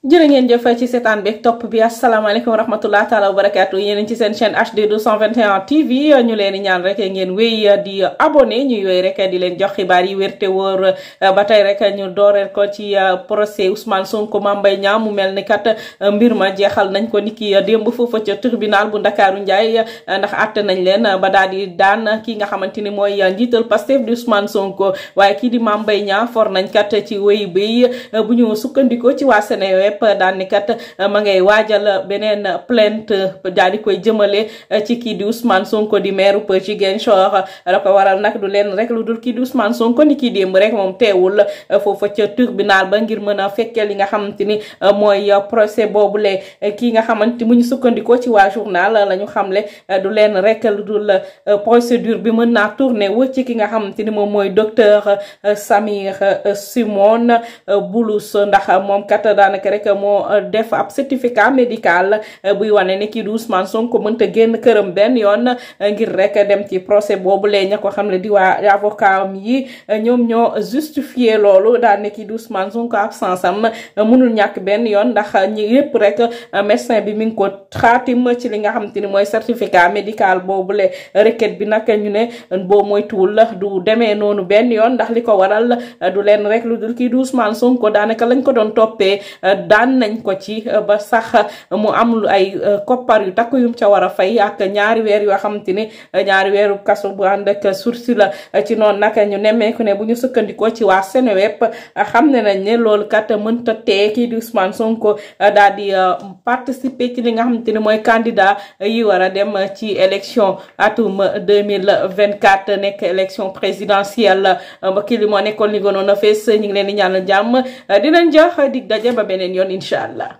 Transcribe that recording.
jërë ngeen jëf ci seetaan beeg topp bi asalaamaaleykum wa rahmatulah taala wa barakaatu yéen ci seen chaîne HD 221 TV ñu leen di ñaan rek ngeen wéy di abonné ñuy wéy rek di leen jox xibaar yi wér te woor ba tey rek ñu dooreel ko ci uh, procès Ousmane Sonko Mame Mbaye Niang mu mel ni kat uh, mbir ma jeexal nañ ko niki uh, démb foofa ca tribunal bu Ndakaaru Ndiaye ndax àtte nañ leen ba daal di daan ki nga xamante ni mooy njiital Pastef di Ousmane Sonko waaye kii di Mame Mbaye Niang for nañ kat ci wéy bi bu ñu sukkandikoo ci waa PEP daan euh, ma ngay waajal beneen plainte daal di koy jëmale euh, ci kii di Ousmane Sonko di maire bu Ziguinchor la nag du leen rek lu dul kii di Ousmane Sonko ni démb rek moom teewul euh, foofa ca tribunal ba ngir mën a fekkee li nga xamante ni mooy procès boobule kii nga xamante mu sukkandikoo ci waa journal la ñu xamle du leen rek lu dul procédure bi mën naa tourné wu ci ki nga xamante ni moom mooy docteur Samir Simon Boulous ndax moom kat daanaka rek. rek moo euh, def ab certificat médical euh, buy wane ne kii du Ousmane Sonko mënta génn këram benn yoon euh, ngir rek dem ci procès boobu lee ña ko xam ne di waa avocat am yi ñoom ñoo justifié loolu daal ne kii du Ousmane Sonko absence am munul ñàkk benn yoon ndax ñi yëpp rek médecin bi mi ngi ko xaatim ci li nga xam te ni mooy certificat médical boobu le requête bi nag ñu ne boo moytuwul du demee noonu benn yoon ndax li ko waral du leen rek lu dul kii du Ousmane Sonko daan nañ ko ci euh, ba sax euh, mu am ay euh, koppar yu takku yum ca war a fay ak ñaari weer yoo xamante ni ñaari weeru kaso bu ànd ak sursis la ci noonu nag ñu nemmeeku ne bu ñu sukkandikoo ci waa Seneweb xam ne nañ ne loolu kat mënta tee kii di Ousmane Sonko daal di participer ci li nga xamante ni mooy candidat yi war a dem ci élection atum 2024 nekk élection présidentielle mbokk yi li moo nekkoon li gënoon a fees ñu ngi leen di ñaanal jàmm dinañ jox yoon incha allah.